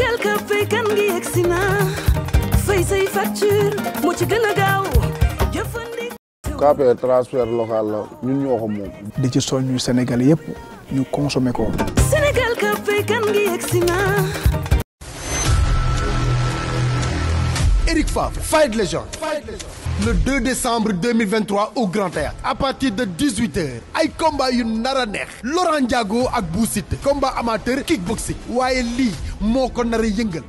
Sénégal ka fay kan ngi yegsi na say facture moo ci gën a gaaw jëfandikoo transfert local la ñun ñoo ko di ci soññu Sénégal yëpp ñu consommer ko Sénégal ka fay kan ngi yegsi le 2 décembre 2023 au Grand Théâtre à partir de 18h ay combat yu nar neex Laurent Ndiago ak Boussite combat amateur kickboxing waaye lii moo ko nar a yëngal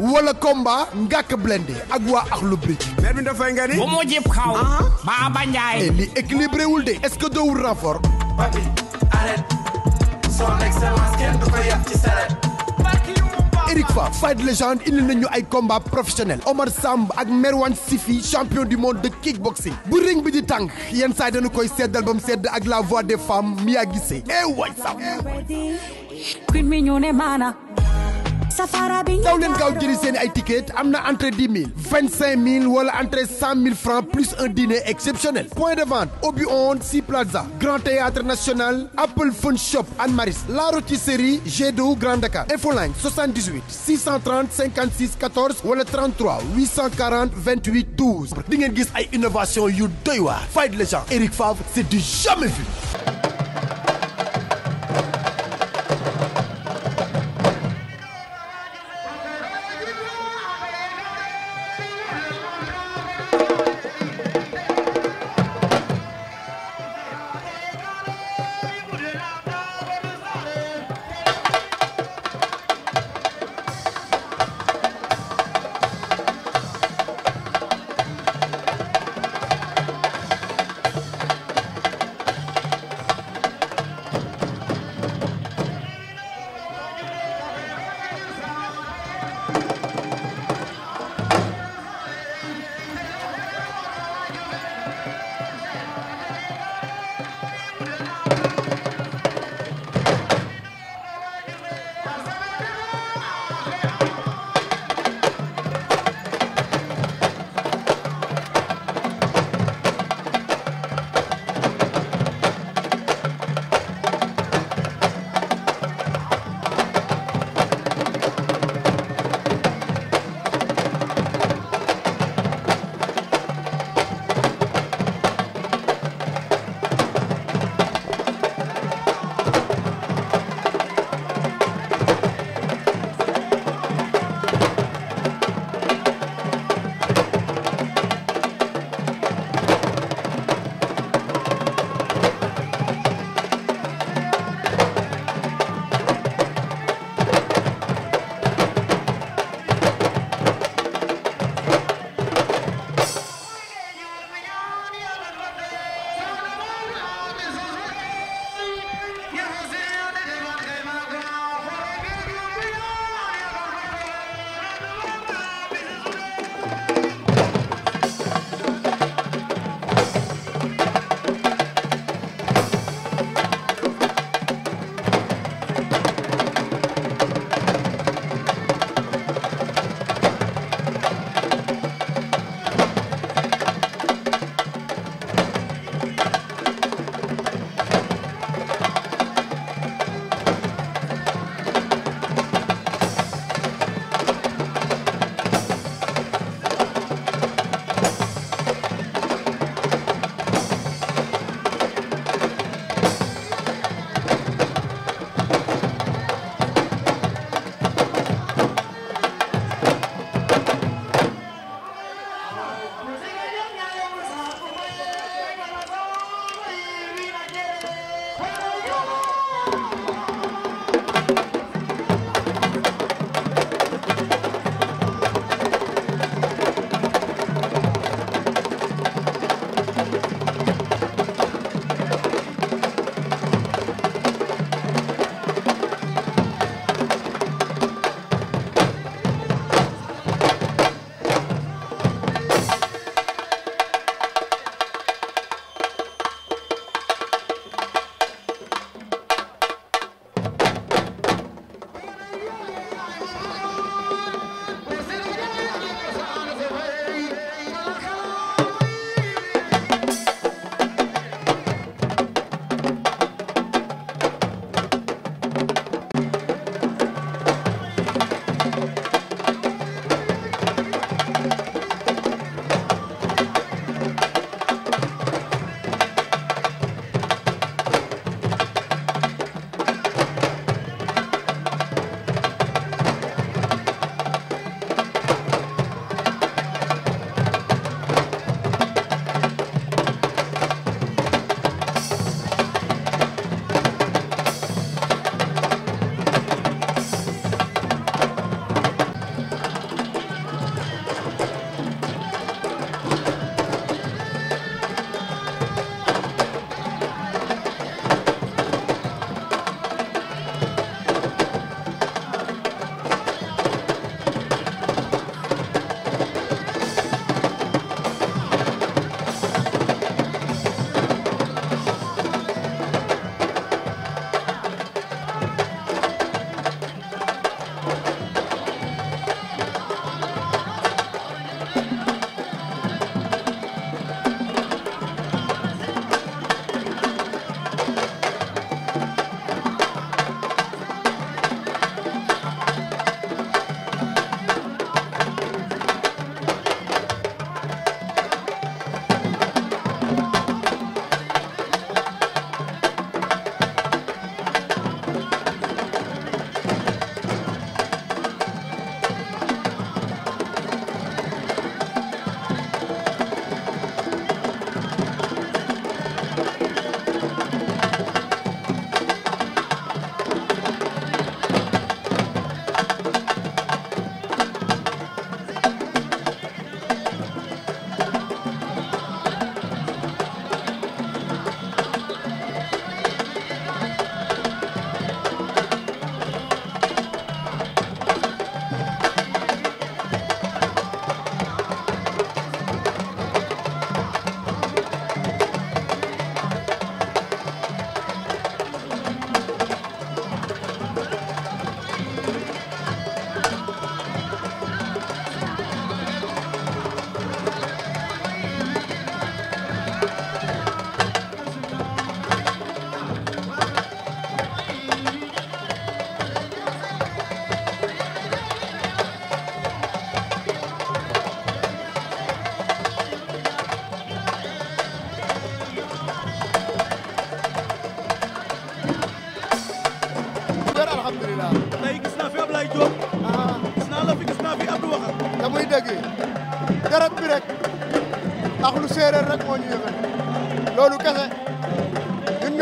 wala combat ngàkk blindé ak waa Akhlou Bridge bi dafay nga ni bu mu jib xaw Baba Ndiaye eh, li équilibré de est-ce que doowul renfort son excellence kenn du ko yàq ci saret Eric Fa fight légende indi nañu ay combat professionnel Omar Samb ak Merwan Sifi champion du monde de kickboxing bu ring bi di tànk yenn saa dañu koy seddal ba mu sedd ak la voix des femmes Mia Guissé eh waay Samb daw leen gaaw seen ay ticket am na entrée 10 000 25 000 wala entrée 100 000 francs plus un dîner exceptionnel point de vente Obi on Sea Plaza Grand Théâtre National Apple Phone Shop Anne Maris La Rôtisserie G2 Grand Dakar Infoline 78 630 56 14 wala 33 840 28 12 di ngeen gis ay innovation yu doy waar fight les gens Eric Favre c'est du jamais vu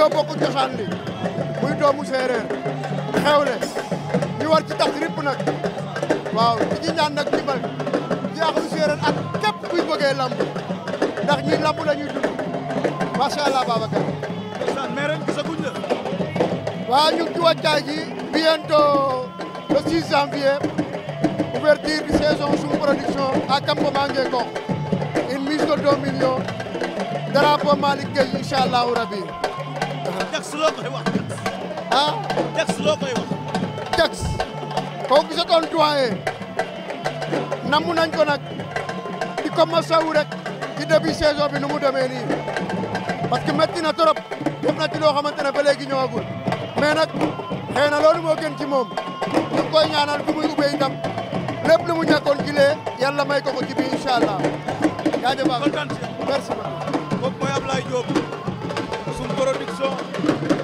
ñoo bokk cosaan li muy doomu séeréer xewle ñu war ci tax ripp nag waaw di ñu ñaan nag dimbal jaaxlu séeréer ak képp kuy bëggee lamb ndax ñi lamb la ñuy dund macha allah Babacar. mais ren gisaguñ la. waaw ñu ngi ci wàccaay ji bientôt le 6 janvier ouverture du saison sous production à Campement Ngekokh une mise de 2 millions drapeau Malick Gueye incha allahu rabi. Jax loo koy wax ah Jax loo koy wax Jax koo gisatoon doyen namu nañ ko nag di ko masawu rek ci début saison bi nu mu demee nii parce que na trop def na ci loo xamante ne ba léegi ñëwagul mais nag xëy na loolu moo gën ci moom ñu ngi koy ñaanal fi muy ubbee ndam lépp lu mu ñàkkoon ci lee may ko ko ci bi incha allah jaajëfal merci beaucoup kooku mooy production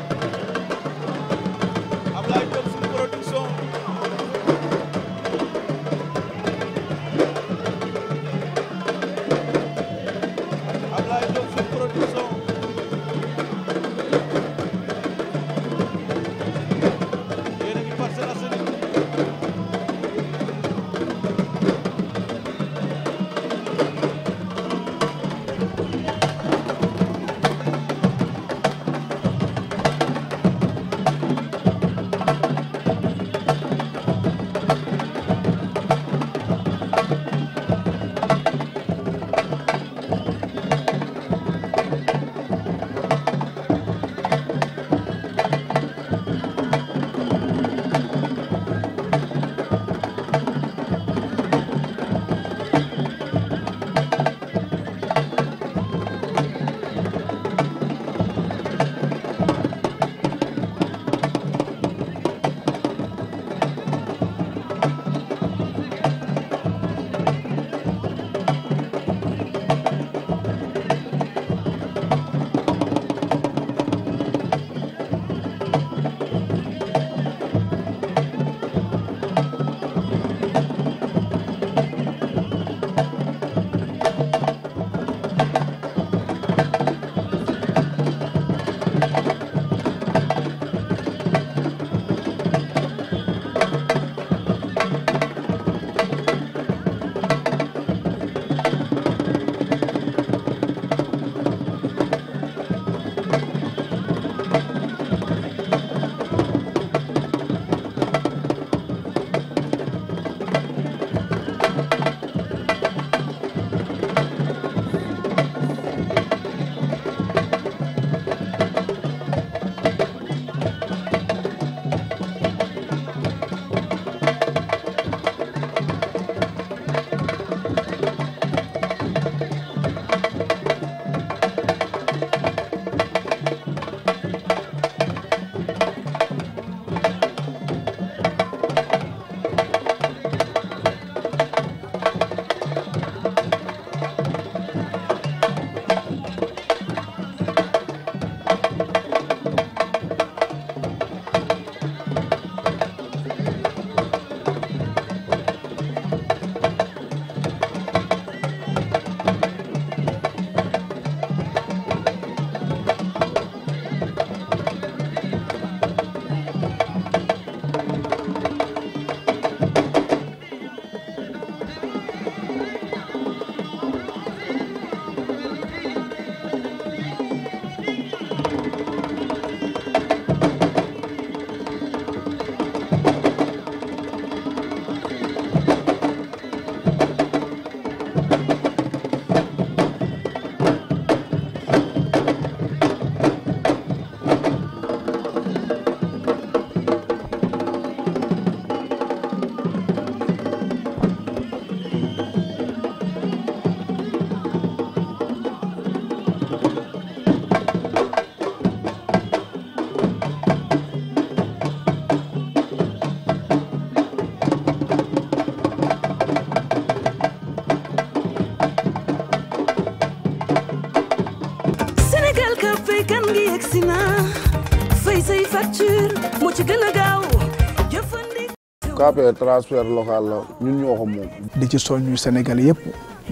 KPR transfert local la ñun ñoo ko moom. di ci Sénégal yëpp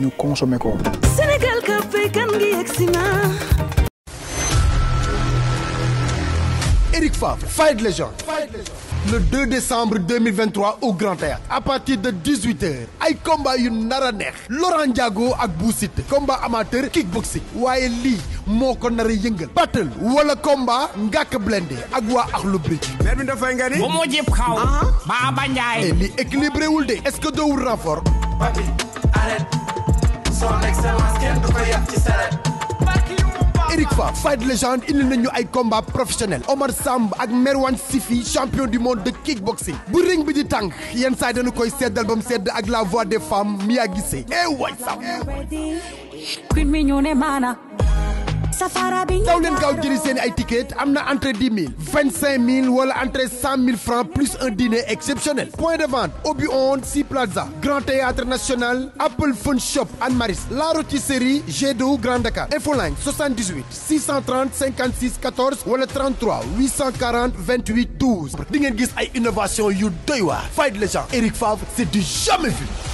ñu consommer ko. Sénégal café kan ngi yegg Eric Favre, fight les gens. le 2 décembre 2023 au Grand Théâtre à partir de 18h ay combat yu nar neex Laurent Ndiago ak Bou Siteu combat amateur kickboxing waaye lii moo ko nar a yëngal battle wala combat ngàkk blindé ak waa Akhlou Bridge bi dafay nga ni bu mu jib xaw ba njaay li équilibré de est-ce que doowul renfort son excellence kenn du ko yàq ci saret Eric Fa Fight Legend indi nañu ay combat professionnel Omar Samb ak Merwan Sifi champion du monde de kickboxing bu ring bi di tànk yenn saa dañu koy seddal ba mu sedd ak la voix des femmes Mia Guissé eh safara bi daw leen gaaw jëri seen ay ticket am na entrée 10 000 25 000 wala entrée 100 000 francs plus un dîner exceptionnel point de vente Obion Sea Plaza Grand Théâtre National Apple Phone Shop Anne Maris La Rôtisserie G2 Grand Dakar Infoline 78 630 56 14 wala 33 840 28 12 di ngeen gis ay innovation yu doy waar fight les gens Eric Favre c'est du jamais vu